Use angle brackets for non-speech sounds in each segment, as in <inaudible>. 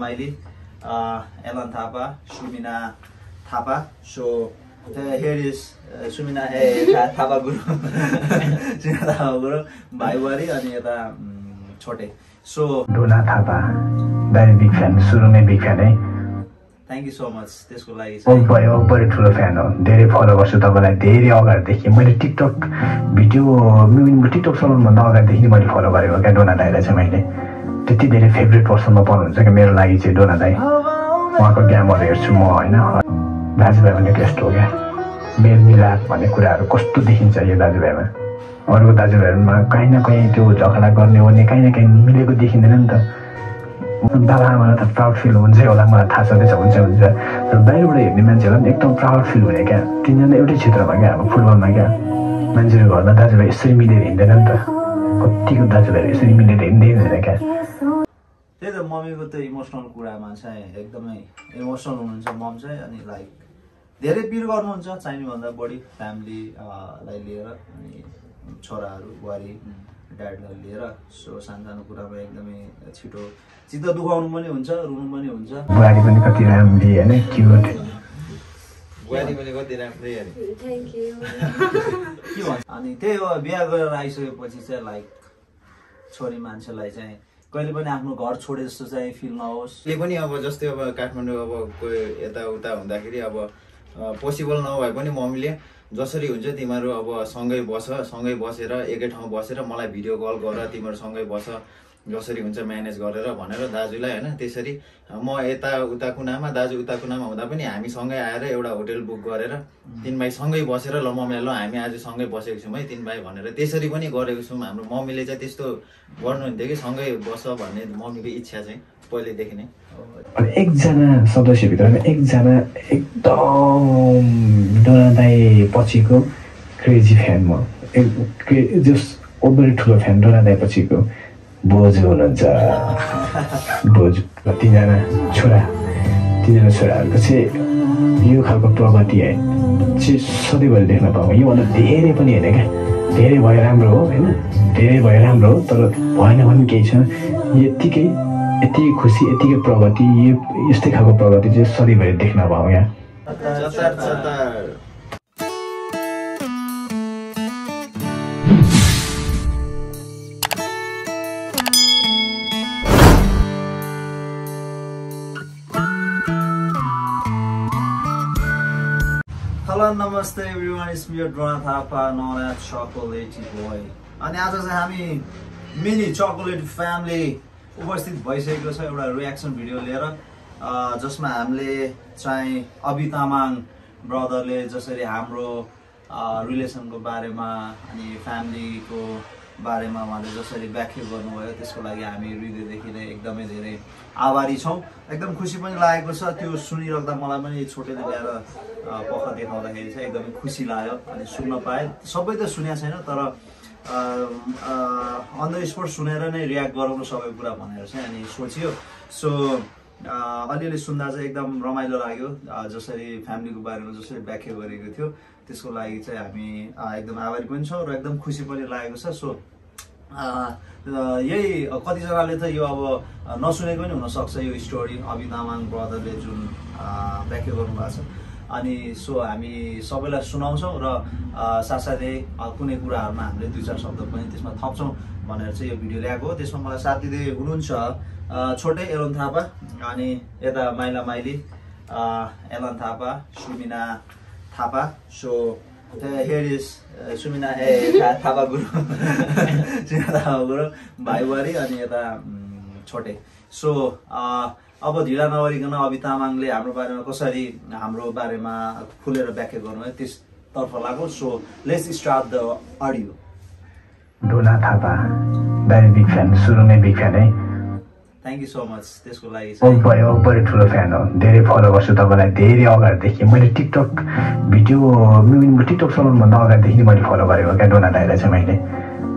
माइली Alan Thapa Sumina Thapa so here is Sumina uh Thapa Guru Sumina Thapa Guru भाइवारी अनि यता छोटे so Dona Thapa very big fan सुरुमै बिग फ्यान है थ्याङ्क यू सो मच त्यसको लागि भयो बढी ठुलो फ्यान हो धेरै फलो गर्छु तपाईँलाई धेरै अगाडिदेखि मैले टिकटक भिडियो टिकटक चलाउनुभन्दा अगाडिदेखि मैले फलो गरेको क्या डोना दाईलाई चाहिँ मैले त्यति धेरै फेभरेट पर्सनमा पर्नुहुन्छ कि मेरो लागि चाहिँ डोना दाई उहाँको ग्यामहरू हेर्छु म होइन दाजुभाइ भनेको यस्तो हो क्या मेल मिलाप भन्ने कुराहरू कस्तो देखिन्छ यो दाजुभाइमा अरूको दाजुभाइहरूमा कहीँ न कहीँ त्यो झगडा गर्ने हो भने कहीँ न कहीँ मिलेको देखिँदैन नि त बाबा त प्राउड फिल हुन्छै होला मलाई थाहा छ हुन्छ हुन्छ र बाहिरबाट हेर्ने मान्छेहरूलाई पनि एकदम प्राउड फिल हुने क्या तिनजना एउटै क्षेत्रमा क्या अब फुटबलमा क्या मान्छेहरू घरमा दाजुभाइ यसरी मिलेर हिँड्दैन नि त कतिको दाजुभाइहरू यसरी मिलेर हिँड्दै हुँदैन क्या त्यही त मम्मीको त्यो इमोसनल कुरामा चाहिँ एकदमै इमोसनल हुनुहुन्छ मम चाहिँ अनि लाइक धेरै पिर गर्नुहुन्छ चाहिनेभन्दा बढी फ्यामिलीलाई लिएर अनि छोराहरू बुहारी ड्याडलाई लिएर सो सानसानो कुरामा एकदमै छिटो चित्त दुखाउनु पनि हुन्छ रुनु पनि हुन्छ बुहारी पनि कति राम्री होइन क्युट बुहारी पनि कति <laughs> अनि त्यही हो बिहा गरेर आइसकेपछि चाहिँ लाइक छोरी मान्छेलाई चाहिँ कहिले पनि आफ्नो घर छोडे जस्तो चाहिँ फिल नहोस् त्यही पनि अब जस्तै अब काठमाडौँ अब कोही यताउता हुँदाखेरि अब पोसिबल नभए पनि मम्मीले जसरी हुन्छ तिमीहरू अब सँगै बस सँगै बसेर एकै ठाउँ बसेर मलाई भिडियो कल गर तिमीहरू सँगै बस जसरी हुन्छ म्यानेज गरेर भनेर दाजुलाई होइन त्यसरी म यता उता कुनामा दाजु उता कुनामा हुँदा पनि हामी सँगै आएर एउटा होटेल बुक गरेर तिन भाइ सँगै बसेर ल मम्मीलाई ल हामी आज सँगै बसेको छौँ है तिन भाइ भनेर त्यसरी पनि गरेको छौँ हाम्रो मम्मीले चाहिँ त्यस्तो गर्नुहुन्थ्यो कि सँगै बस भन्ने मम्मीको इच्छा चाहिँ पहिलेदेखि नै एकजना सदस्यभित्रमा एकजना एकदम डोनादाई पछिको क्रेजी फ्यान म जस ओभर ठुलो फ्यान डोनादाई पछिको बोजू हुनुहुन्छ बोजू तिनजना छोरा तिनजना छोराहरूको चाहिँ यो खालको प्रगति है चाहिँ सधैँभरि देख्न पाऊँ योभन्दा धेरै पनि होइन क्या धेरै भए राम्रो हो होइन धेरै भए राम्रो हो तर भएन भने केही छैन यत्तिकै यति खुसी यत्तिकै प्रगति यो यस्तै खालको प्रगति चाहिँ सधैँभरि देख्न पाऊँ यहाँ हेलो नमस्ते एभ्रिवान It's मियर ड्रोना थापा known as अनि आज चाहिँ हामी मिनी चकोलेट फ्यामिली उपस्थित भइसकेको छ एउटा रियाक्सन भिडियो लिएर जसमा हामीले चाहिँ अभि तामाङ ब्रदरले जसरी हाम्रो रिलेसनको बारेमा अनि फ्यामिलीको बारेमा उहाँले जसरी व्याख्या गर्नुभयो त्यसको लागि हामी हृदयदेखि नै एकदमै धेरै आभारी छौँ एकदम खुसी पनि लागेको छ त्यो सुनिराख्दा मलाई पनि छोटेले ल्याएर पख देखाउँदाखेरि चाहिँ एकदमै खुसी लाग्यो अनि सुन्न पाएँ सबै त सुनेको छैन तर अन द स्पोट सुनेर नै रियाक्ट गराउनु सबै कुरा भनेर चाहिँ अनि सोचियो सो अलिअलि सुन्दा चाहिँ एकदम रमाइलो लाग्यो जसरी फ्यामिलीको बारेमा जसरी व्याख्या गरेको थियो त्यसको लागि चाहिँ हामी एकदम आभारी पनि छौँ र एकदम खुसी पनि लागेको छ सो यही कतिजनाले त यो अब नसुनेको पनि हुनसक्छ यो स्टोरी अभि तामाङ ब्रदरले जुन व्याख्या गर्नुभएको छ अनि सो हामी सबैलाई सुनाउँछौँ र साथसाथै कुनै कुराहरूमा हामीले दुई चार शब्द पनि त्यसमा थप्छौँ भनेर चाहिँ यो भिडियो ल्याएको हो त्यसमा मलाई साथ साथी हुनुहुन्छ छोटै एलन थापा अनि यता माइला माइली Alan Thapa Sumina Thapa so uh, is Sumina uh, Thapa eh, Thapa Guru, <laughs> Sumina Thapa Guru, अनि यता छोटे mm, सो uh, अब ढिला नगरिकन अभि तामाङले हाम्रो बारेमा कसरी हाम्रो बारेमा खुलेर व्याख्या गर्नु है त्यसतर्फ लागौँ so let's start the audio Dona Thapa big fan सुरुमै बिग फ्यान है थ्याङ्क यू सो मच त्यसको लागि भयो बढी ठुलो फ्यान हो धेरै फलो गर्छु तपाईँलाई धेरै अगाडिदेखि मैले टिकटक भिडियो टिकटक चलाउनुभन्दा अगाडिदेखि मैले फलो गरेको क्या डोना दाईलाई चाहिँ मैले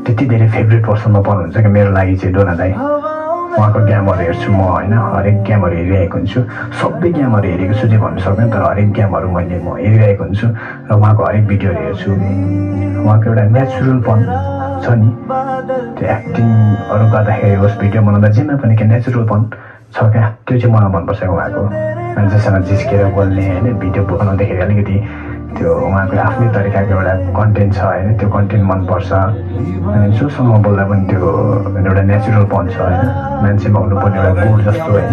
त्यति धेरै फेभरेट पर्सनमा पर्नुहुन्छ क्या मेरो लागि चाहिँ डोना दाई उहाँको गेमहरू हेर्छु म होइन हरेक गेमहरू हेरिरहेको हुन्छु सबै गेमहरू हेरेको छु चाहिँ भन्नु सक्दैन तर हरेक गेमहरू मैले म हेरिरहेको हुन्छु र उहाँको हरेक भिडियोहरू हेर्छु उहाँको एउटा नेचुरल पन छ नि त्यो एक्टिङहरू गर्दाखेरि होस् भिडियो बनाउँदा जेमा पनि क्या पन छ क्या त्यो चाहिँ मलाई मनपर्छ उहाँको मान्छेसँग जिस्केर बोल्ने होइन भिडियो बनाउँदाखेरि अलिकति त्यो उहाँको आफ्नै तरिकाको एउटा कन्टेन्ट छ होइन त्यो कन्टेन्ट मनपर्छ अनि जोसँग बोल्दा पनि त्यो एउटा नेचुरल पन छ होइन मान्छेमा हुनुपर्ने एउटा गुड जस्तो होइन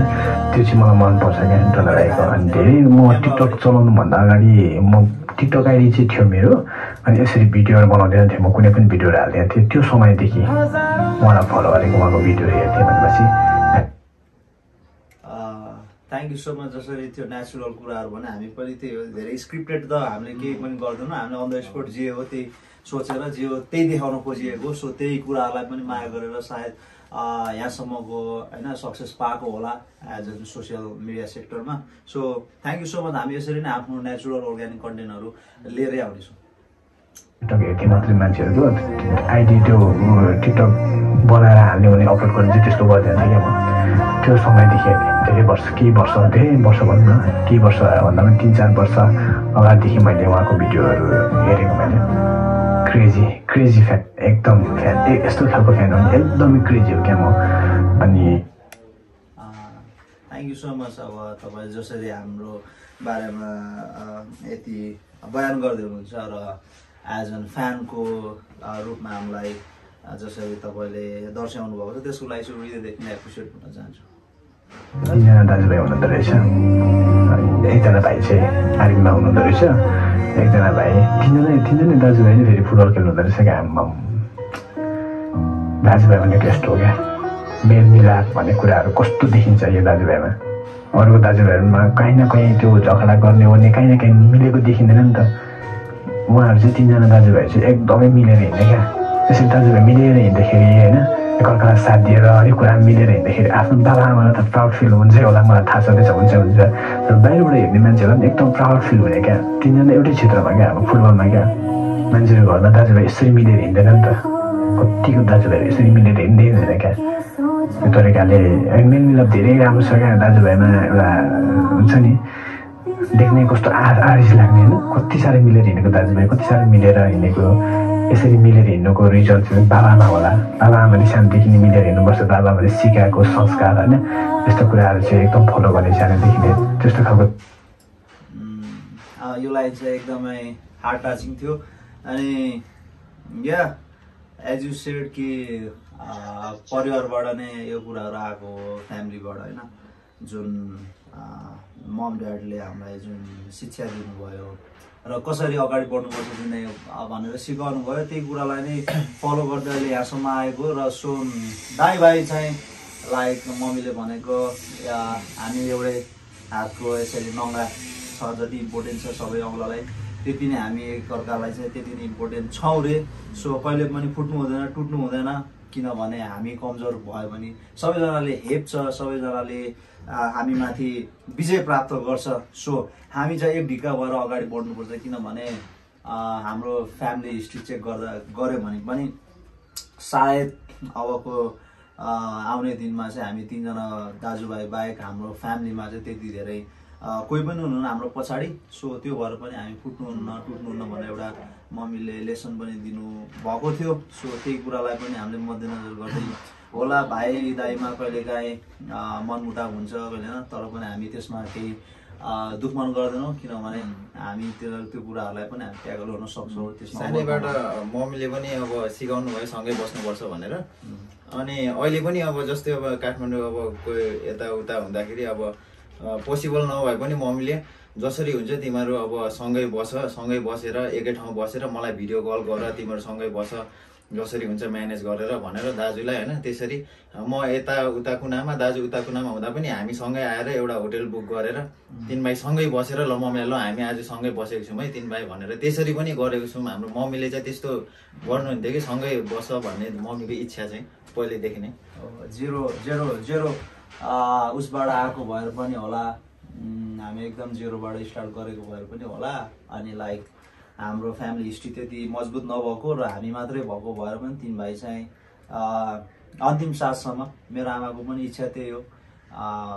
त्यो चाहिँ मलाई मनपर्छ क्या डोला अनि धेरै म टिकटक चलाउनुभन्दा अगाडि म टिकटक आइडी चाहिँ थियो मेरो अनि यसरी भिडियोहरू बनाउँदैन थिएँ म कुनै पनि भिडियोहरू हाल्दैन थिएँ त्यो समयदेखि उहाँलाई फलो गरेको उहाँको भिडियोहरू हेर्थेँ भनेपछि थ्याङ्क यू सो मच जसरी त्यो नेचुरल कुराहरू भने हामी पनि त्यही हो धेरै स्क्रिप्टेड त हामीले केही पनि गर्दैनौँ हामीले अन द स्पोट जे हो त्यही सोचेर जे हो त्यही देखाउन खोजिएको सो त्यही कुराहरूलाई पनि माया गरेर सायद यहाँसम्मको होइन सक्सेस पाएको होला एज अ सोसियल मिडिया सेक्टरमा so thank you so much हामी यसरी नै आफ्नो नेचुरल अर्ग्यानिक कन्टेन्टहरू लिएरै आउनेछौँ टिकटक हेर्थेँ मात्रै मान्छेहरूको आइडी त्यो टिकटक बनाएर हाल्ने भने अपलोड गर्ने चाहिँ त्यस्तो गर्दैन थियो क्या म त्यो समयदेखि धेरै वर्ष केही वर्ष धेरै वर्ष भनौँ न केही वर्ष भन्दा पनि तिन चार वर्ष अगाडिदेखि मैले उहाँको भिडियोहरू हेरेको मैले क्रेजी क्रेजी फ्यान एकदम फ्यान यस्तो खालको फ्यान हो एकदमै क्रेजी हो क्या म अनि थ्याङ्क यू सो मच अब तपाईँ जसरी हाम्रो बारेमा यति बयान गर्दै हुनुहुन्छ र एज अन फ्यानको रूपमा हामीलाई जसरी तपाईँले दर्शाउनु भएको छ त्यसको लागि चाहिँ हृदयदेखि नै एप्रिसिएट हुन चाहन्छु एकजना दाजुभाइ हुनुहुँदो रहेछ एकजना भाइ चाहिँ आर्मीमा हुनुहुँदो रहेछ एकजना भाइ तिनजना तिनजना दाजुभाइ नै फेरि फुटबल खेल्नुहुँदो रहेछ घाममा दाजुभाइ भने यस्तो हो क्या मेल मिलाप भन्ने कुराहरू कस्तो देखिन्छ यो दाजुभाइमा अरू दाजुभाइहरूमा काहीँ न काहीँ त्यो झगडा गर्ने ओर्ने काहीँ न काहीँ मिलेको देखिँदैन नि त उहाँहरू चाहिँ तिनजना दाजुभाइ चाहिँ एकदमै मिलेर हिँड्ने क्या त्यसरी दाजुभाइ मिलेर हिँड्दाखेरि होइन एकअर्कालाई साथ दिएर हरेक कुरा मिलेर हिँड्दाखेरि आफ्नो बाबा आमालाई त प्राउड फिल हुन्छै होला मलाई थाहा छँदैछ हुन्छ हुन्छ र बाहिरबाट हेर्ने मान्छेहरूलाई पनि एकदम प्राउड फिल हुने क्या तिनजना एउटै क्षेत्रमा क्या अब फुटबलमा क्या मान्छेहरू घरमा दाजुभाइ यसरी मिलेर हिँड्दैन नि त कतिको दाजुभाइहरू यसरी मिलेर हिँड्दै हुँदैन क्या यो तरिकाले मेलमिलाप धेरै राम्रो छ क्या दाजुभाइमा एउटा हुन्छ नि देख्ने कस्तो आर आरिस लाग्ने होइन कति साह्रो मिलेर हिँडेको दाजुभाइ कति साह्रो मिलेर हिँडेको यसरी मिलेर हिँड्नुको रिजल्ट चाहिँ बाबामा होला बाबाआमाले सानोदेखि नै मिलेर हिँड्नुपर्छ बाबाआमाले सिकाएको संस्कार होइन यस्तो कुराहरू चाहिँ एकदम फलो गर्ने सानोदेखि नै त्यस्तो खालको यो लाइन चाहिँ एकदमै हार्ड टाचिङ थियो अनि या एज यु सेड कि परिवारबाट नै यो कुराहरू आएको हो फ्यामिलीबाट होइन जुन मम ड्याडले हामीलाई जुन शिक्षा दिनुभयो र कसरी अगाडि बढ्नुपर्छ जुन भनेर सिकाउनु भयो त्यही कुरालाई नै फलो गर्दै अहिले यहाँसम्म आएको र सो दाई भाइ चाहिँ लाइक मम्मीले भनेको या हामी एउटै हातको यसरी नङ्गा छ जति इम्पोर्टेन्ट छ सबै अङ्लालाई त्यति नै हामी एकअर्कालाई चाहिँ त्यति नै इम्पोर्टेन्ट छौँ रे सो कहिले पनि फुट्नु हुँदैन टुट्नु हुँदैन किनभने हामी कमजोर भयो भने सबैजनाले हेप्छ सबैजनाले हामीमाथि विजय प्राप्त गर्छ सो हामी चाहिँ एक ढिक्का भएर अगाडि बढ्नुपर्छ किनभने हाम्रो फ्यामिली हिस्ट्री चेक गर्दा गऱ्यो भने पनि सायद अबको आउने दिनमा चाहिँ हामी तिनजना दाजुभाइ बाहेक हाम्रो फ्यामिलीमा चाहिँ त्यति धेरै कोही पनि हुनुहुन्न हाम्रो पछाडि सो त्यो भएर पनि हामी फुट्नुहुन्न टुट्नुहुन्न भनेर एउटा मम्मीले लेसन पनि दिनु भएको थियो सो त्यही कुरालाई पनि हामीले मध्यनजर गर्दै होला भाइ दाईमा कहिलेकाहीँ मनमुटाव हुन्छ कहिले तर पनि हामी त्यसमा केही मन गर्दैनौँ किनभने हामी त्यो त्यो कुराहरूलाई पनि हामी ट्याकल गर्न सक्छौँ सानैबाट मम्मीले पनि अब सिकाउनु भयो सँगै बस्नुपर्छ भनेर अनि अहिले पनि अब जस्तै अब काठमाडौँ अब कोही यताउता हुँदाखेरि अब पोसिबल नभए पनि मम्मीले जसरी हुन्छ तिमीहरू अब सँगै बस सँगै बसेर एकै ठाउँ बसेर मलाई भिडियो कल गर तिमीहरू सँगै बस जसरी हुन्छ म्यानेज गरेर भनेर दाजुलाई होइन त्यसरी म यता उता कुनामा दाजु उता कुनामा हुँदा पनि हामी सँगै आएर एउटा होटेल बुक गरेर तिन भाइ सँगै बसेर ल मम्मीलाई ल हामी आज सँगै बसेको छौँ है तिन भाइ भनेर त्यसरी पनि गरेको छौँ हाम्रो मम्मीले चाहिँ त्यस्तो गर्नुहुन्थ्यो कि सँगै बस भन्ने मम्मीको इच्छा चाहिँ पहिल्यैदेखि नै जेरो जेरो जेरो उसबाट आएको भएर पनि होला हामी एकदम जेरोबाट स्टार्ट गरेको भएर पनि होला अनि लाइक हाम्रो फ्यामिली हिस्ट्री त्यति मजबुत नभएको र हामी मात्रै भएको भएर पनि तिन भाइ चाहिँ अन्तिम साससम्म मेरो आमाको पनि इच्छा त्यही हो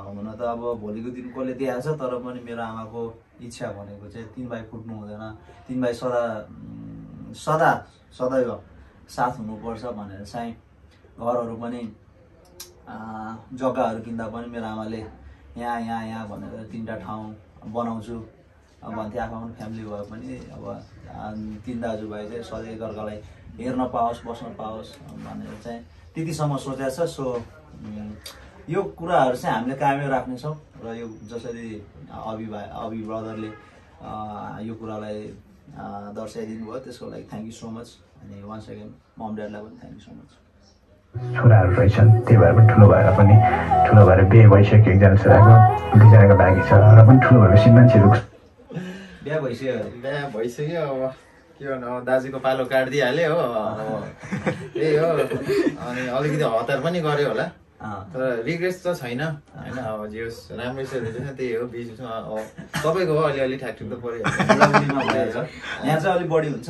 हुन त अब भोलिको दिन कसले दिइहाल्छ तर पनि मेरो आमाको इच्छा भनेको चाहिँ तिन भाइ फुट्नु हुँदैन तिन भाइ सदा सदा सदैव साथ हुनुपर्छ भनेर चाहिँ घरहरू पनि जग्गाहरू किन्दा पनि मेरो आमाले यहाँ यहाँ यहाँ भनेर तिनवटा ठाउँ बनाउँछु भन्थे आफ्नो आफ्नो फ्यामिली भए पनि अब तिन दाजुभाइ चाहिँ सधैँ एकअर्कालाई हेर्न पाओस् बस्न पाओस् भनेर चाहिँ त्यतिसम्म सोचेको छ सो यो कुराहरू चाहिँ हामीले कायमै राख्नेछौँ र यो जसरी अभि भाइ अभि ब्रदरले यो कुरालाई दर्शाइदिनु भयो त्यसको लागि थ्याङ्क यू सो मच अनि वान सेकेन्ड मम ड्याडलाई पनि थ्याङ्क यू सो मच छोराहरू रहेछन् त्यही भएर पनि ठुलो भएर पनि ठुलो भएर बिहे भइसक्यो एकजना छोराको दुईजनाको बाँकी छ र पनि ठुलो भएपछि मान्छेहरू बिहा भइसक्यो बिहा भइसक्यो अब के भन्नु अब दाजुको पालो काटिदिइहाल्यो हो त्यही हो अनि अलिकति हतार पनि गऱ्यो होला तर रिग्रेस त छैन होइन अब जे होस् राम्रै छ त्यही हो बिच अब तपाईँको हो अलिअलि ठ्याकठुक त पऱ्यो यहाँ चाहिँ अलिक बढी हुन्छ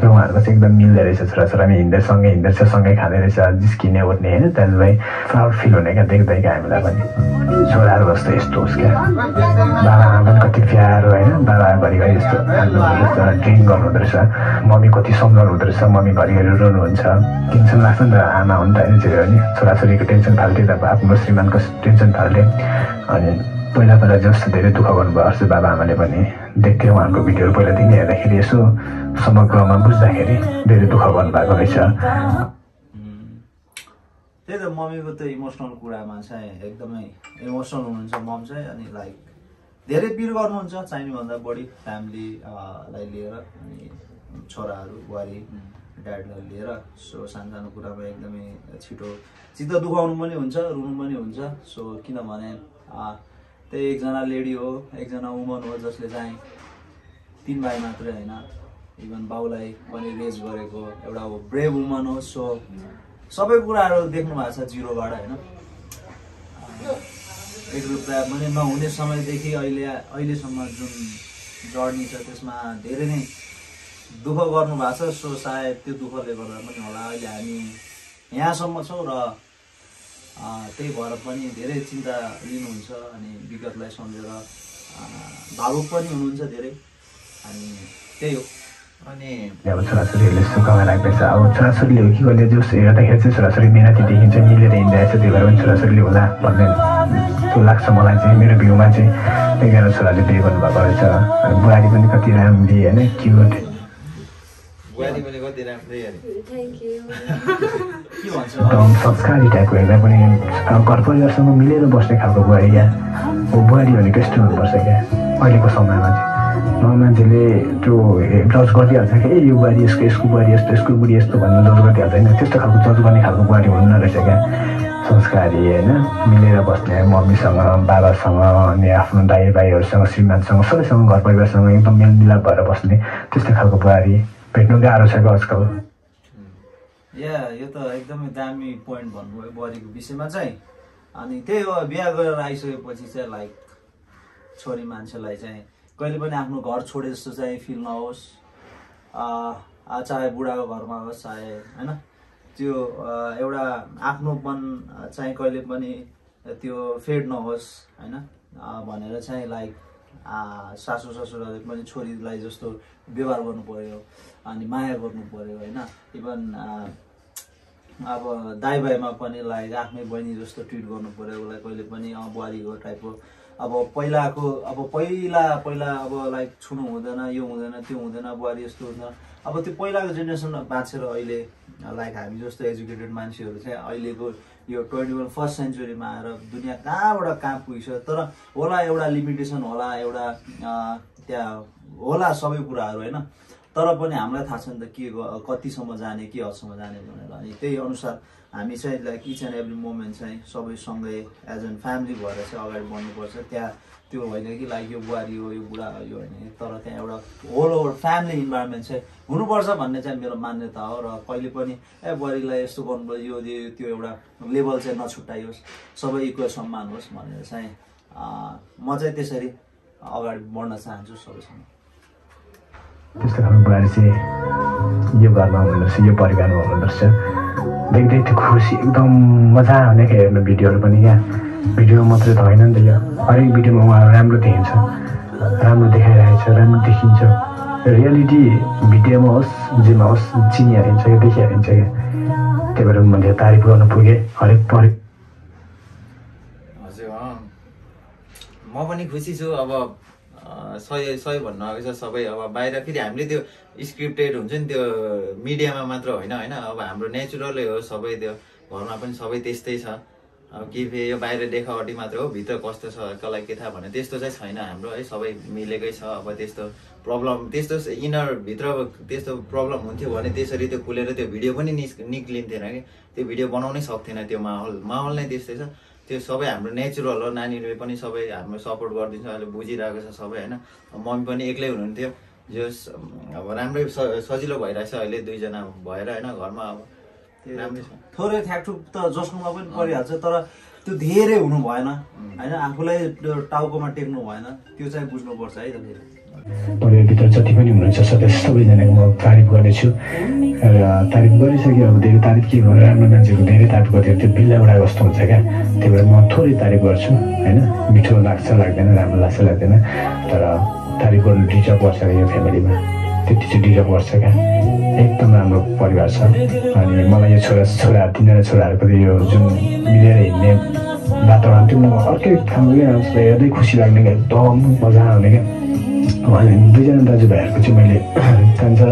तर उहाँहरूको चाहिँ एकदम मिल्दो रहेछ छोराछोरामी हिँड्दै सँगै हिँड्दैछ सँगै खाँदै रहेछ जिस्किने ओर्ने होइन दाजुभाइ प्राउड फिल हुने क्या देख्दै क्या हामीलाई पनि छोराहरू जस्तो यस्तो होस् क्या बाबा पनि कति प्यारो होइन बाबा घरिघरि यस्तो जस्तो ड्रिङ्क गर्नुहुँदो रहेछ मम्मी कति सम्झाउनु हुँदो रहेछ मम्मी घरिघरि रुनुहुन्छ टेन्सन लाग्छ नि त आमा हो नि त होइन जे भने छोराछोरीको टेन्सन फाल्थ्यो त आफ्नो श्रीमानको टेन्सन फाल्थेँ अनि पहिला पहिला जस्तो धेरै दुःख गर्नुभयो अर्सु बाबा आमाले पनि देख्थेँ उहाँहरूको भिडियोहरू पहिलादेखि हेर्दाखेरि यसो समग्रमा बुझ्दाखेरि धेरै दुःख भएको रहेछ त्यही त मम्मीको त्यो इमोसनल कुरामा चाहिँ एकदमै इमोसनल हुनुहुन्छ मम चाहिँ अनि लाइक धेरै पिर गर्नुहुन्छ चाहिनेभन्दा बढी फ्यामिलीलाई लिएर अनि छोराहरू बुहारी ड्याडलाई लिएर सो सानसानो कुरामा एकदमै छिटो चित्त दुखाउनु पनि हुन्छ रुनु पनि हुन्छ सो किनभने त्यही एकजना लेडी हो एकजना वुमन हो जसले चाहिँ तिन भाइ मात्रै होइन इभन बाउलाई पनि रेज गरेको एउटा अब ब्रेभ वुमन हो सो सबै कुराहरू देख्नु भएको छ जिरोबाट होइन एक रुपियाँ पनि नहुने समयदेखि अहिले अहिलेसम्म जुन जर्नी छ त्यसमा धेरै नै दुःख गर्नुभएको छ सो सायद त्यो दुःखले गर्दा पनि होला अहिले हामी यहाँसम्म छौँ र त्यही भएर पनि धेरै चिन्ता लिनुहुन्छ अनि विगतलाई सम्झेर भावुक पनि हुनुहुन्छ धेरै अनि त्यही हो अब छोराछोरीहरूले सुखमा लाग्दैछ अब छोराछोरीले हो कि कहिले जोस हेर्दाखेरि चाहिँ छोराछोरी मिहिनेती देखिन्छ मिलेर हिँड्दैछ त्यही भएर पनि छोराछोरीले होला भन्ने त्यो लाग्छ मलाई चाहिँ मेरो भ्यूमा चाहिँ एघार छोराले बिहे गर्नुभएको रहेछ बुहारी पनि कति राम्री होइन क्युट संस्कारी टाइपको हेर्दा पनि घर परिवारसँग मिलेर बस्ने खालको बुहारी या बुहारी भनेको यस्तो हुनुपर्छ क्या अहिलेको समयमा चाहिँ मान्छेले त्यो जज गरिहाल्छ कि ए यो बारी यसको यसको बुहारी यस्तो यसको बुढी यस्तो भन्ने जज गरिहाल्दैन त्यस्तो खालको जज गर्ने खालको बुहारी हुनु रहेछ क्या संस्कारी होइन मिलेर बस्ने मम्मीसँग बाबासँग अनि आफ्नो दाई भाइहरूसँग श्रीमानसँग सबैसँग घर परिवारसँग एकदम मेलमिलाप भएर बस्ने त्यस्तो खालको बुहारी भेट्नु गाह्रो छ क्या आजकल या यो त एकदमै दामी पोइन्ट भन्नुभयो बुहारीको विषयमा चाहिँ अनि त्यही हो बिहा गरेर आइसकेपछि चाहिँ लाइक छोरी मान्छेलाई चाहिँ कहिले पनि आफ्नो घर छोडे जस्तो चाहिँ फिल नहोस् चाहे बुढाको घरमा होस् चाहे होइन त्यो एउटा आफ्नो मन चाहिँ कहिले पनि त्यो फेड नहोस् होइन भनेर चाहिँ लाइक सासु ससुराले पनि छोरीलाई जस्तो व्यवहार गर्नु पऱ्यो अनि माया गर्नु पऱ्यो होइन इभन अब दाई भाइमा पनि लाइक आफ्नै बहिनी जस्तो ट्रिट गर्नु पऱ्यो उसलाई कहिले पनि बुहारीको टाइपको अब पहिलाको अब पहिला पहिला अब लाइक छुनु हुँदैन यो हुँदैन त्यो हुँदैन बुहारी यस्तो हुँदैन अब त्यो पहिलाको जेनेरेसन बाँचेर अहिले लाइक हामी जस्तो एजुकेटेड मान्छेहरू चाहिँ अहिलेको यो ट्वेन्टी वान फर्स्ट सेन्चुरीमा आएर दुनियाँ कहाँबाट कहाँ पुगिसक्यो तर होला एउटा लिमिटेसन होला एउटा त्यहाँ होला सबै कुराहरू होइन तर पनि हामीलाई थाहा छ नि त के कतिसम्म जाने के हदसम्म जाने भनेर अनि त्यही अनुसार हामी चाहिँ like each and every moment चाहिँ सबैसँगै एज एन फ्यामिली भएर चाहिँ अगाडि बढ्नुपर्छ त्यहाँ त्यो होइन कि लाइक यो बुहारी हो यो बुढा हो यो होइन तर त्यहाँ एउटा होल ओभर फ्यामिली इन्भाइरोमेन्ट चाहिँ हुनुपर्छ भन्ने चाहिँ मेरो मान्यता हो र कहिले पनि ए बुहारीलाई यस्तो गर्नुपर्छ यो त्यो एउटा लेभल चाहिँ नछुट्टाइयोस् सबै इक्वल सम्मान होस् भनेर चाहिँ म चाहिँ त्यसरी अगाडि बढ्न चाहन्छु सबैसँग त्यस्तो खालको बुहारी चाहिँ यो घरमा हुनुहुँदो रहेछ यो परिवारमा हुनुहुँदो रहेछ देख्दै त्यो खुसी एकदम मजा आउने क्या हेर्नु भिडियोहरू पनि क्या भिडियो मात्रै त होइन नि त यो हरेक भिडियोमा उहाँ राम्रो देखिन्छ राम्रो देखाइरहेछ राम्रो देखिन्छ रियालिटी भिडियोमा होस् जेमा होस् चिनिहालिन्छ क्या देखिहालिन्छ क्या त्यही भएर मैले तारिफ गर्न पुगेँ हरेक परेक म पनि खुसी छु अब सही सही भन्नु अघि छ सबै अब बाहिर फेरि हामीले त्यो स्क्रिप्टेड हुन्छ नि त्यो मिडियामा मात्र होइन होइन अब हाम्रो नेचुरलै हो सबै त्यो घरमा पनि सबै त्यस्तै छ अब के यो बाहिर देखावटी मात्र हो भित्र कस्तो छ कसलाई के थाहा भने त्यस्तो चाहिँ छैन हाम्रो है सबै मिलेकै छ अब त्यस्तो प्रब्लम त्यस्तो इनर इनरभित्र त्यस्तो प्रब्लम हुन्थ्यो भने त्यसरी त्यो खुलेर त्यो भिडियो पनि निस् निक्लिन्थेन कि त्यो भिडियो बनाउनै सक्थेन त्यो माहौल माहौल नै त्यस्तै छ त्यो सबै हाम्रो नेचुरल हो नानीहरूले पनि सबै हाम्रो सपोर्ट गरिदिन्छ अहिले बुझिरहेको छ सबै होइन मम्मी पनि एक्लै हुनुहुन्थ्यो जो अब राम्रै सजिलो भइरहेछ अहिले दुईजना भएर होइन घरमा अब राम्रै छ थोरै ठ्याकठुक त जस्नुमा पनि परिहाल्छ तर त्यो धेरै हुनु भएन होइन आफूलाई टाउकोमा टेक्नु भएन त्यो चाहिँ बुझ्नुपर्छ है त परिवारभित्र जति पनि हुनुहुन्छ सदस्य सबैजनाको म तारिफ गर्नेछु र तारिफ गरिसकेँ अब धेरै तारिफ के गर्नु राम्रो मान्छेको धेरै तारिफ गर्थ्यो त्यो बिल्ला उडा जस्तो हुन्छ क्या त्यही भएर म थोरै तारिफ गर्छु होइन मिठो लाग्छ लाग्दैन राम्रो लाग्छ लाग्दैन तर तारिफ गर्नु डिजर्भ पर्छ क्या यो फ्यामिलीमा त्यति चाहिँ डिजर्भ गर्छ क्या एकदम राम्रो परिवार छ अनि मलाई यो छोरा छोरा तिनजना छोराहरूको यो जुन मिलेर हिँड्ने वातावरण त्यो म अर्कै ठाउँ क्या हेर्दै खुसी लाग्ने क्या एकदम मजा आउने क्या अब हामी दुईजना दाजुभाइहरूको चाहिँ मैले कान्छा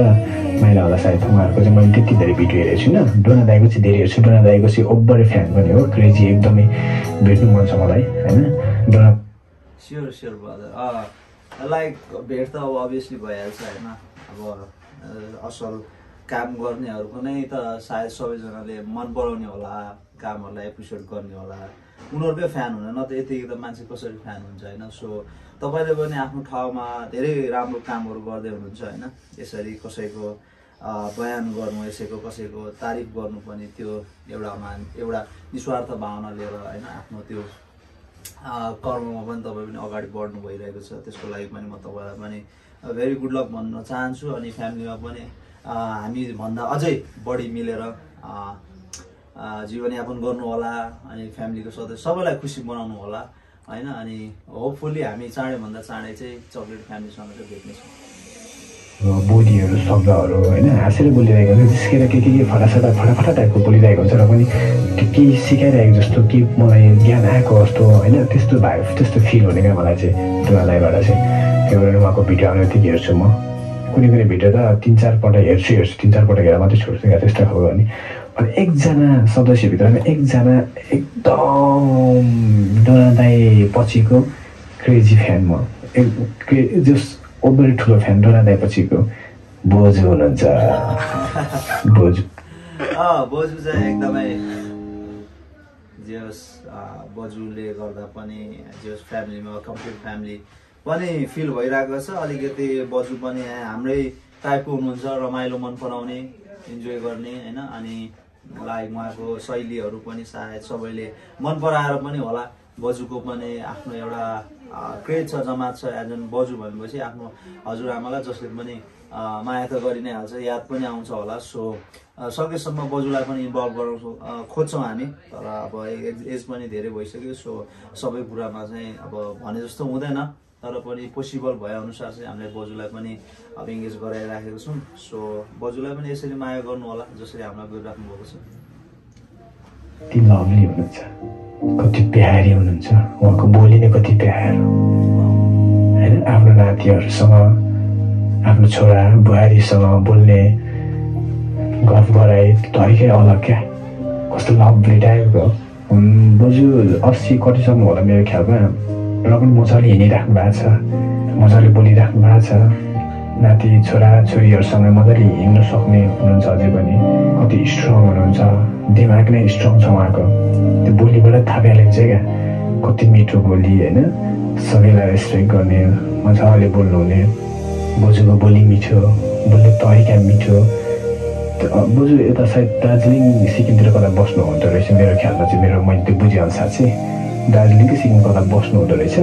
मैले होला सायद उहाँहरूको चाहिँ मैले त्यति धेरै भिडियो हेरेको छुइनँ डोना दाईको चाहिँ धेरै हेर्छु डोना दाईको चाहिँ ओभर फ्यान पनि हो क्रेजी एकदमै भेट्नु मन छ मलाई होइन Dona sure sure brother like भेट त अब अभियसली भइहाल्छ होइन अब असल काम गर्नेहरूको नै त सायद सबैजनाले मन पराउने होला कामहरूलाई एप्रिसिएट गर्ने होला उनीहरूकै फ्यान हुन न त यतिखेर मान्छे कसरी फ्यान हुन्छ होइन सो तपाईँले पनि आफ्नो ठाउँमा धेरै राम्रो कामहरू गर्दै हुनुहुन्छ होइन यसरी कसैको बयान गर्नु यसैको कसैको तारिफ गर्नु पनि त्यो एउटा मान एउटा निस्वार्थ भावना लिएर होइन आफ्नो त्यो कर्ममा पनि तपाईँ पनि अगाडि बढ्नु भइरहेको छ त्यसको लागि पनि म तपाईँलाई पनि भेरी गुड लक भन्न चाहन्छु अनि फ्यामिलीमा पनि हामीभन्दा अझै बढी मिलेर जीवनयापन गर्नुहोला अनि फ्यामिलीको सदस्य सबैलाई खुसी बनाउनु होला होइन अनि होपफुल्ली हामी चाँडैभन्दा चाँडै चाहिँ चक्लेट फ्यामिलीसँग चाहिँ भेट्नेछौँ बोलीहरू शब्दहरू होइन हाँसेर बोलिरहेको हुन्छ जिस्केर के के के फटासटा फटाफटा टाइपको बोलिरहेको हुन्छ र पनि केही सिकाइरहेको जस्तो के मलाई ज्ञान आएको जस्तो होइन त्यस्तो भाइ त्यस्तो फिल हुने क्या मलाई चाहिँ तिमीहरूलाईबाट चाहिँ त्यही भएर उहाँको भिडियो आउने त्यति हेर्छु म कुनै कुनै भिडियो त तिन चारपल्ट हेर्छु हेर्छु तिन चारपल्ट हेरेर मात्रै छोड्छु क्या त्यस्तो खालको अनि अनि एकजना सदस्यभित्रमा एकजना एकदम डोनादाई पछिको क्रेजी फ्यान म एक जस ओभर ठुलो फ्यान डोनादाई पछिको बोजू हुनुहुन्छ बोजू बोजू चाहिँ एकदमै जे होस् बोजूले गर्दा पनि जे फ्यामिलीमा कम्प्लिट फ्यामिली पनि फिल भइरहेको छ अलिकति बोजू पनि हाम्रै टाइपको हुनुहुन्छ रमाइलो मन पराउने इन्जोय गर्ने होइन अनि लाई उहाँको शैलीहरू पनि सायद सबैले मन पराएर पनि होला बजुको पनि आफ्नो एउटा क्रेज छ जमात छ एज एन बजु भनेपछि आफ्नो हजुरआमालाई जसले पनि माया त गरि नै हाल्छ याद पनि आउँछ होला सो सकेसम्म बजुलाई पनि इन्भल्भ गराउँछौँ खोज्छौँ हामी तर अब एज पनि धेरै भइसक्यो सो सबै कुरामा चाहिँ अब भने जस्तो हुँदैन तर पनि पोसिबल भएअनुसार चाहिँ हामीले बजुलाई पनि अब इङ्गेज गराइराखेको छौँ सो बजुलाई पनि यसरी माया गर्नु होला जसरी हामीलाई गरिराख्नु भएको छ तिमीलाई अग्ली हुनुहुन्छ कति प्यारी हुनुहुन्छ उहाँको बोली नै कति प्यारो होइन आफ्नो नातिहरूसँग आफ्नो छोरा बुहारीसँग बोल्ने गफ गराए तरिकै अलग क्या कस्तो लभली टाइपको बजु कति सक्नु होला मेरो ख्यालमा र पनि मजाले हिँडिराख्नु भएको छ मजाले बोलिराख्नु भएको छ नाति छोरा छोरीहरूसँग मजाले हिँड्न सक्ने हुनुहुन्छ अझै पनि कति स्ट्रङ हुनुहुन्छ दिमाग नै स्ट्रङ छ उहाँको त्यो बोलीबाट थाहा भइहालिन्छ क्या कति मिठो बोली होइन सबैलाई रेस्पेक्ट गर्ने मजाले बोल्नुहुने बोजूको बोली मिठो बोल्ने तरिका मिठो बोजू यता सायद दार्जिलिङ सिक्किमतिर कता बस्नुहुन्छ रहेछ मेरो ख्यालमा चाहिँ मेरो मैले त्यो बुझेअनुसार चाहिँ दार्जिलिङकै सिङ्गल बस्नु हुँदो रहेछ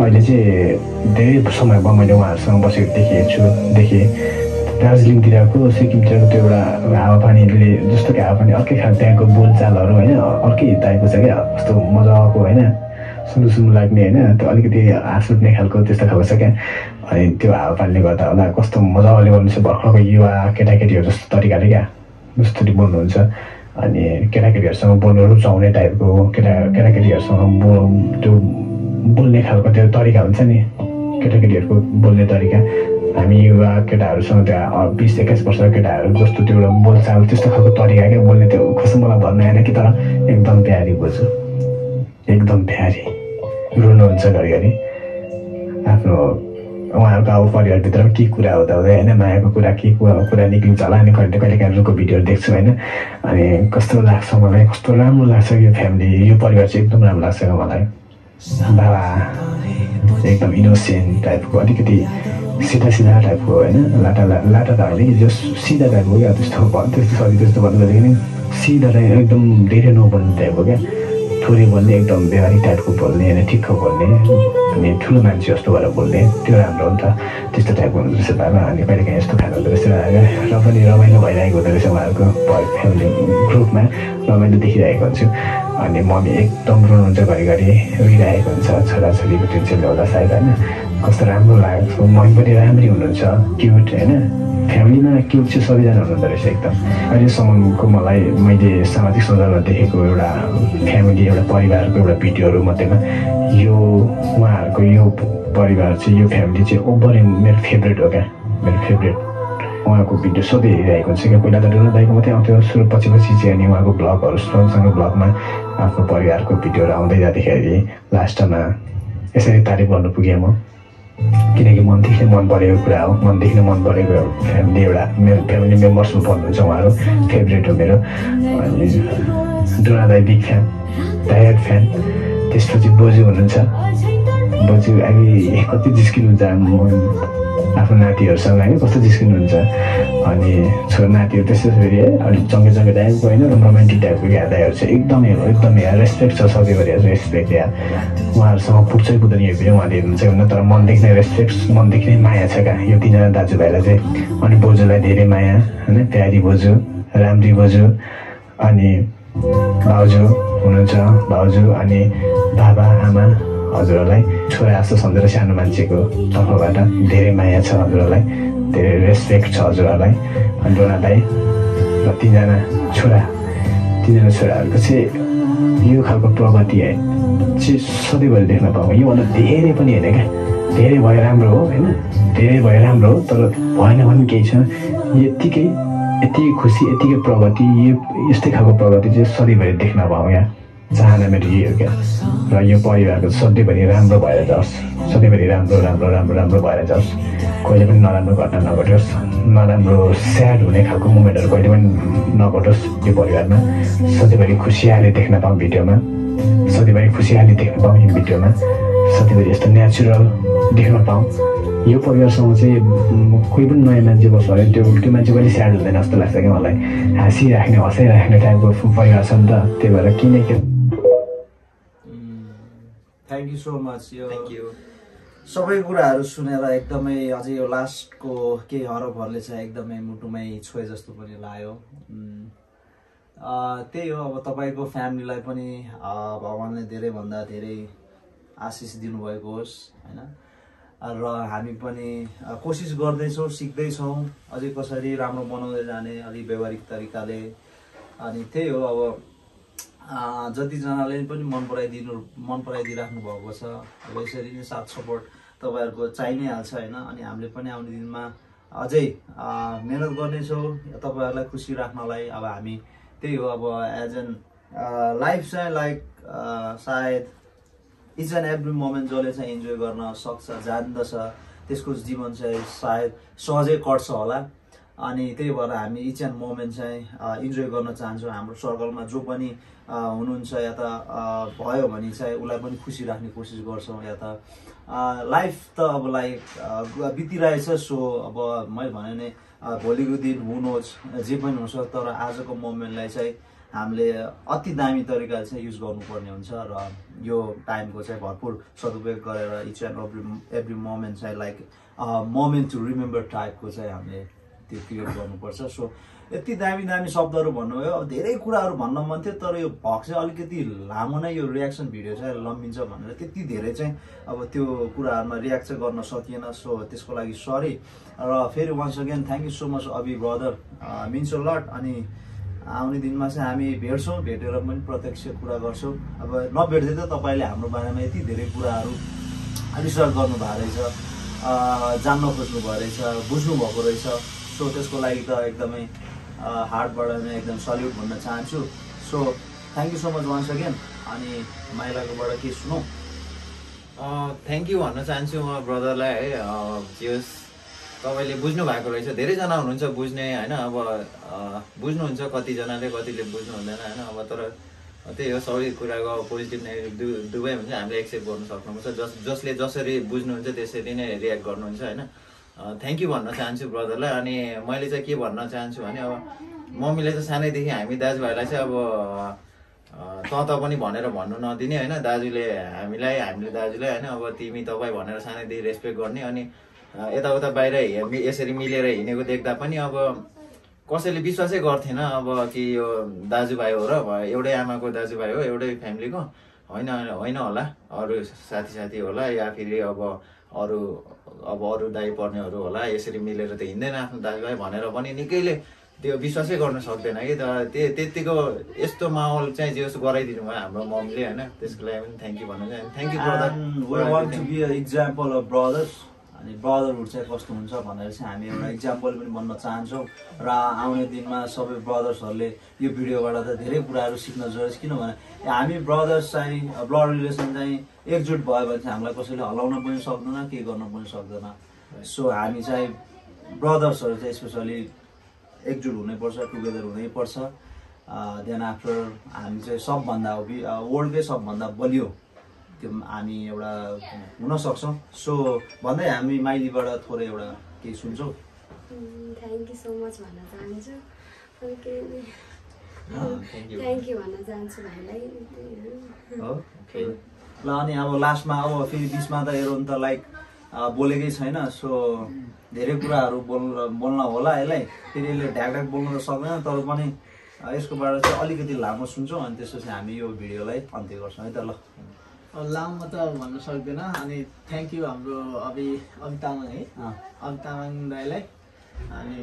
अहिले चाहिँ धेरै समयमा मैले उहाँहरूसँग बसेको देखेको छु देखेँ दार्जिलिङतिरको सिक्किमतिरको त्यो एउटा हावापानीले जस्तो कि हावापानी अर्कै खालको त्यहाँको बोलचालहरू होइन अर्कै टाइपको छ क्या कस्तो मजाको होइन सुन्नु सुनु लाग्ने होइन त्यो अलिकति हाँस उठ्ने खालको त्यस्तो खालको छ क्या अनि त्यो हावापानीले गर्दा होला कस्तो मजाले गर्नुहुन्छ भर्खरको युवा केटाकेटीहरू जस्तो तरिकाले क्या जस्तो बोल्नुहुन्छ अनि केटाकेटीहरूसँग बोल्नु रुचाउने टाइपको केटा केटाकेटीहरूसँग बोल त्यो बोल्ने खालको त्यो तरिका हुन्छ नि केटाकेटीहरूको बोल्ने तरिका हामी युवा केटाहरूसँग त्यो बिस एक्काइस वर्ष केटाहरू जस्तो त्यो एउटा बोल्छ अब त्यस्तो खालको तरिका क्या बोल्ने त्यो कसो मलाई भन्नु आएन कि तर एकदम प्यारी बोल्छु एकदम प्यारी रुनुहुन्छ घरिघरि आफ्नो उहाँहरूको अब पनि के कुरा हुँदा हुँदै होइन मायाको कुरा के कुरा निक्लिन्छ होला अनि कहिले कहिले काहीँ रुखको भिडियोहरू देख्छु होइन अनि कस्तो लाग्छ मलाई कस्तो राम्रो लाग्छ यो फ्यामिली यो परिवार चाहिँ एकदम राम्रो लाग्छ मलाई बाबा एकदम इनोसेन्ट टाइपको अलिकति सिधा सिधा टाइपको होइन लाटा लाटा त होइन जो सिधा टाइपको क्या त्यस्तो भन्नु त्यस्तो सरी त्यस्तो भन्नु सिधा टाइप एकदम धेरै नबन्ने टाइपको क्या छोरी बोल्ने एकदम बिहारी टाइपको बोल्ने होइन ठिक्क बोल्ने अनि ठुलो मान्छे जस्तो भएर बोल्ने त्यो राम्रो हो नि त त्यस्तो टाइपको हुँदो रहेछ बाबा अनि कहिले काहीँ यस्तो खानु हुँदो रहेछ र पनि रमाइलो भइरहेको हुँदो रहेछ उहाँहरूको फ्यामिली ग्रुपमा रमाइलो देखिरहेको हुन्छु अनि मम्मी एकदम रुनुहुन्छ घरिघरि रुइरहेको हुन्छ छोराछोरीको टेन्सन होला सायद होइन कस्तो राम्रो लाग्यो मम्मी पनि राम्ररी हुनुहुन्छ क्युट होइन फ्यामिलीमा क्युट चाहिँ सबैजना हुनुहुँदो रहेछ एकदम अहिलेसम्मको मलाई मैले सामाजिक सञ्जालमा देखेको एउटा फ्यामिली एउटा परिवारको एउटा भिडियोहरू मध्येमा यो उहाँहरूको यो परिवार चाहिँ यो फ्यामिली चाहिँ ओभर मेरो फेभरेट हो क्या मेरो फेभरेट उहाँको भिडियो सोधै हेरिरहेको हुन्छ क्या पहिला त डोना दाइको मात्रै आउँथ्यो सुरु पछि पछि चाहिँ अनि उहाँको ब्लगहरू सँगसँगै ब्लगमा आफ्नो परिवारको भिडियोहरू आउँदै जाँदाखेरि लास्टमा यसरी तारिफ गर्नु पुगेँ म किनकि मनदेखि नै मन परेको कुरा हो मनदेखि नै मन परेको फ्यामिली एउटा मेरो फ्यामिली मेम्बर्स पर्नुहुन्छ उहाँहरू फेभरेट हो मेरो अनि दुरादाई बिग फ्यान टायर फ्यान त्यसपछि बोजू हुनुहुन्छ बोजू अहिले कति जिस्किनुहुन्छ आफ्नो नातिहरूसँग होइन कस्तो जिस्किनुहुन्छ अनि छोरा नातिहरू त्यस्तै फेरि है अलिक चङ्गे चङ्गे टाइपको होइन रोमान्टिक टाइपको यादाहरू चाहिँ एकदमै हो एकदमै रेस्पेक्ट छ सधैँभरि रेस्पेक्ट या उहाँहरूसँग पुग्छ पुग्दैन यो भिडियो उहाँले हेर्नुहुन्छ होइन तर मनदेखि नै रेस्पेक्ट मनदेखि नै माया छ कहाँ यो तिनजना दाजुभाइलाई चाहिँ अनि बोजूलाई धेरै माया होइन प्यारी बोजू राम्री बोजू अनि भाउजू हुनुहुन्छ भाउजू अनि बाबा आमा हजुरहरूलाई छोरा जस्तो सम्झेर सानो मान्छेको तर्फबाट धेरै माया छ हजुरहरूलाई धेरै रेस्पेक्ट छ हजुरहरूलाई डोना दाई र तिनजना छोरा तिनजना छोराहरूको चाहिँ यो खालको प्रगति है चाहिँ सधैँभरि देख्न पाऊँ योभन्दा धेरै पनि होइन क्या धेरै भए राम्रो हो होइन धेरै भए राम्रो हो तर भएन भने केही छैन यत्तिकै यत्तिकै खुसी यत्तिकै प्रगति यो यस्तै खालको प्रगति चाहिँ सधैँभरि देख्न पाऊँ यहाँ चाहना हो क्या र यो परिवारको सधैँभरि राम्रो भएर जाओस् सधैँभरि राम्रो राम्रो राम्रो राम्रो भएर जाओस् कहिले पनि नराम्रो घटना नघटोस् नराम्रो स्याड हुने खालको मुमेन्टहरू कहिले पनि नघटोस् यो परिवारमा सधैँभरि खुसियाली देख्न पाऊँ भिडियोमा सधैँभरि खुसियाली देख्न पाऊँ यो भिडियोमा सधैँभरि यस्तो नेचुरल देख्न पाऊँ यो परिवारसँग चाहिँ कोही पनि नयाँ मान्छे बस्छ भने त्यो त्यो मान्छे कहिले स्याड हुँदैन जस्तो लाग्छ क्या मलाई हाँसिराख्ने हँसाइराख्ने टाइपको परिवार छ नि त त्यही भएर किनकि थ्याङ्क यू सो मच यो थ्याङ्क यू सबै कुराहरू सुनेर एकदमै अझै यो लास्टको केही हरफहरूले चाहिँ एकदमै मुटुमै छोए जस्तो पनि लाग्यो त्यही हो अब तपाईँको फ्यामिलीलाई पनि भगवान्ले धेरैभन्दा धेरै आशिष दिनुभएको होस् होइन र हामी पनि कोसिस गर्दैछौँ सिक्दैछौँ अझै कसरी राम्रो बनाउँदै जाने अलिक व्यवहारिक तरिकाले अनि त्यही हो अब जतिजनाले पनि मन पराइदिनु मन पराइदिइराख्नु भएको छ अब यसरी नै साथ सपोर्ट तपाईँहरूको चाहि नै हाल्छ होइन अनि हामीले पनि आउने दिनमा अझै मिहिनेत गर्नेछौँ तपाईँहरूलाई खुसी राख्नलाई अब हामी त्यही हो अब एज एन लाइफ चाहिँ लाइक सायद इच एन्ड एभ्री मोमेन्ट जसले चाहिँ इन्जोय गर्न सक्छ जान्दछ त्यसको जीवन चाहिँ सायद सहजै कट्छ होला अनि त्यही भएर हामी इच एन्ड मोमेन्ट चाहिँ इन्जोय गर्न चाहन्छौँ हाम्रो सर्कलमा जो पनि हुनुहुन्छ या त भयो भने चाहिँ उसलाई पनि खुसी राख्ने कोसिस गर्छौँ या त लाइफ त अब लाइक बितिरहेछ सो अब मैले भने भने भोलिको दिन हुनुहोस् जे पनि हुन्छ तर आजको मोमेन्टलाई चाहिँ हामीले अति दामी तरिकाले चाहिँ युज गर्नुपर्ने हुन्छ र यो टाइमको चाहिँ भरपुर सदुपयोग गरेर each and every every moment चाहिँ लाइक मोमेन्ट टु रिमेम्बर टाइपको चाहिँ हामीले त्यो क्रिएट गर्नुपर्छ सो यति दामी दामी शब्दहरू भन्नुभयो अब धेरै कुराहरू भन्न मन थियो तर यो भग चाहिँ अलिकति लामो नै यो रियाक्सन भिडियो चाहिँ लम्बिन्छ भनेर त्यति धेरै चाहिँ अब त्यो कुराहरूमा रियाक्ट चाहिँ गर्न सकिएन सो त्यसको लागि सरी र फेरि once again thank you so much Abhi brother means a lot अनि आउने दिनमा चाहिँ हामी भेट्छौँ भेटेर पनि प्रत्यक्ष कुरा गर्छौँ अब नभेट्दै त तपाईँले हाम्रो बारेमा यति धेरै कुराहरू रिसर्च गर्नुभएको रहेछ जान्न खोज्नुभएको रहेछ बुझ्नुभएको रहेछ सो त्यसको लागि त एकदमै हार्डबाट नै एकदम सल्युट भन्न चाहन्छु so thank you so much once again अनि माइलाकोबाट के सुनौ थ्याङ्क यू भन्न चाहन्छु म ब्रदरलाई है जियोस् तपाईँले बुझ्नु भएको रहेछ धेरैजना हुनुहुन्छ बुझ्ने होइन अब बुझ्नुहुन्छ कतिजनाले कतिले बुझ्नु हुँदैन होइन अब तर त्यही हो सबै कुराको पोजिटिभ नेगेटिभ दुवै हुन्छ हामीले एक्सेप्ट गर्नु सक्नुपर्छ जस जसले जसरी बुझ्नुहुन्छ त्यसरी नै रियाक्ट गर्नुहुन्छ होइन थ्याङ्क यू भन्न चाहन्छु ब्रदरलाई अनि मैले चाहिँ के भन्न चाहन्छु भने अब मम्मीले चाहिँ सानैदेखि हामी दाजुभाइलाई चाहिँ अब त त पनि भनेर भन्नु नदिने होइन दाजुले हामीलाई हामीले दाजुलाई होइन अब तिमी तपाईँ भनेर सानैदेखि रेस्पेक्ट गर्ने अनि यताउता बाहिर यसरी मिलेर हिँडेको देख्दा पनि अब कसैले विश्वासै गर्थेन अब कि यो दाजुभाइ हो र एउटै आमाको दाजुभाइ हो एउटै फ्यामिलीको होइन होइन होला अरू साथी साथी होला या फेरि अब अरू अब अरू दाई पर्नेहरू होला यसरी मिलेर त हिँड्दैन आफ्नो दाजुभाइ भनेर पनि निकैले त्यो विश्वासै गर्न सक्दैन कि तर त्यो त्यतिको यस्तो माहौल चाहिँ जे जस्तो गराइदिनु भयो हाम्रो मम्मीले होइन त्यसको लागि पनि थ्याङ्क यू भन्नु thank you brother example of brothers अनि ब्रदरहुड चाहिँ कस्तो हुन्छ भनेर चाहिँ हामी एउटा इक्जाम्पल पनि भन्न चाहन्छौँ र आउने दिनमा सबै ब्रदर्सहरूले यो भिडियोबाट त धेरै कुराहरू सिक्न जरुरी किनभने हामी ब्रदर्स चाहिँ ब्लड रिलेसन चाहिँ एकजुट भयो भने चाहिँ हामीलाई कसैले हलाउन पनि सक्दैन के गर्न पनि सक्दैन सो हामी चाहिँ ब्रदर्सहरू चाहिँ स्पेसली एकजुट हुनैपर्छ टुगेदर हुनैपर्छ देन आफ्टर हामी चाहिँ सबभन्दा वर्ल्डकै सबभन्दा बलियो त्यो हामी एउटा हुनसक्छौँ सो भन्दै हामी माइलीबाट थोरै एउटा केही सुन्छौँ थ्याङ्क यू सो मच भन्न चाहन्छु थ्याङ्क यू ah, भन्न चाहन्छु भाइलाई oh, ल अनि अब लास्टमा अब फेरि बिचमा त हेरौँ त लाइक बोलेकै छैन सो धेरै कुराहरू बोल्नु बोल्न होला यसलाई फेरि यसले ढ्याक बोल्नु त सक्दैन तर पनि यसकोबाट चाहिँ अलिकति लामो सुन्छौँ अनि त्यसपछि हामी यो भिडियोलाई अन्त्य गर्छौँ है त ल लामो त भन्न सक्दैन अनि थ्याङ्क यू हाम्रो अभि अभि तामाङ है अभि तामाङ दाईलाई अनि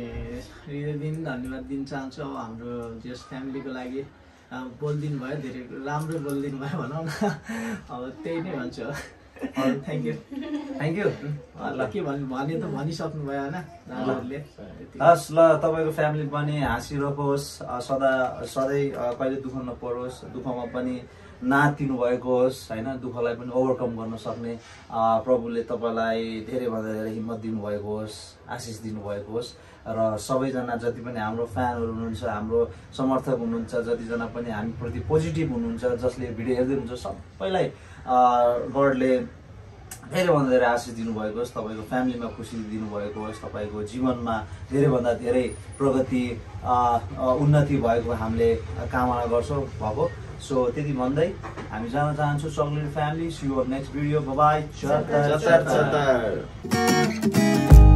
हृदय दिन धन्यवाद दिन चाहन्छु अब हाम्रो जस फ्यामिलीको लागि बोलिदिनु भयो धेरै राम्रो बोलिदिनु भयो भनौँ न अब त्यही नै भन्छु थ्याङ्क यू थ्याङ्क यू ल के भन्नु भने त भनिसक्नु भयो होइन हस् ल तपाईँको फ्यामिली पनि हाँसिरहोस् सदा सधैँ कहिले दुःख नपरोस् दुःखमा पनि नातिनु भएको होस् होइन दुःखलाई पनि ओभरकम गर्न सक्ने प्रभुले तपाईँलाई धेरैभन्दा धेरै हिम्मत दिनुभएको होस् आशिष दिनुभएको होस् र सबैजना जति पनि हाम्रो फ्यानहरू हुनुहुन्छ हाम्रो समर्थक हुनुहुन्छ जतिजना पनि हामीप्रति पोजिटिभ हुनुहुन्छ जसले भिडियो हेर्दै हुनुहुन्छ सबैलाई गडले धेरैभन्दा धेरै आशिष दिनुभएको होस् तपाईँको फ्यामिलीमा खुसी दिनुभएको होस् तपाईँको जीवनमा धेरैभन्दा धेरै प्रगति उन्नति भएको हामीले कामना गर्छौँ भएको सो त्यति भन्दै हामी जान चाहन्छौँ chocolate family see you next video by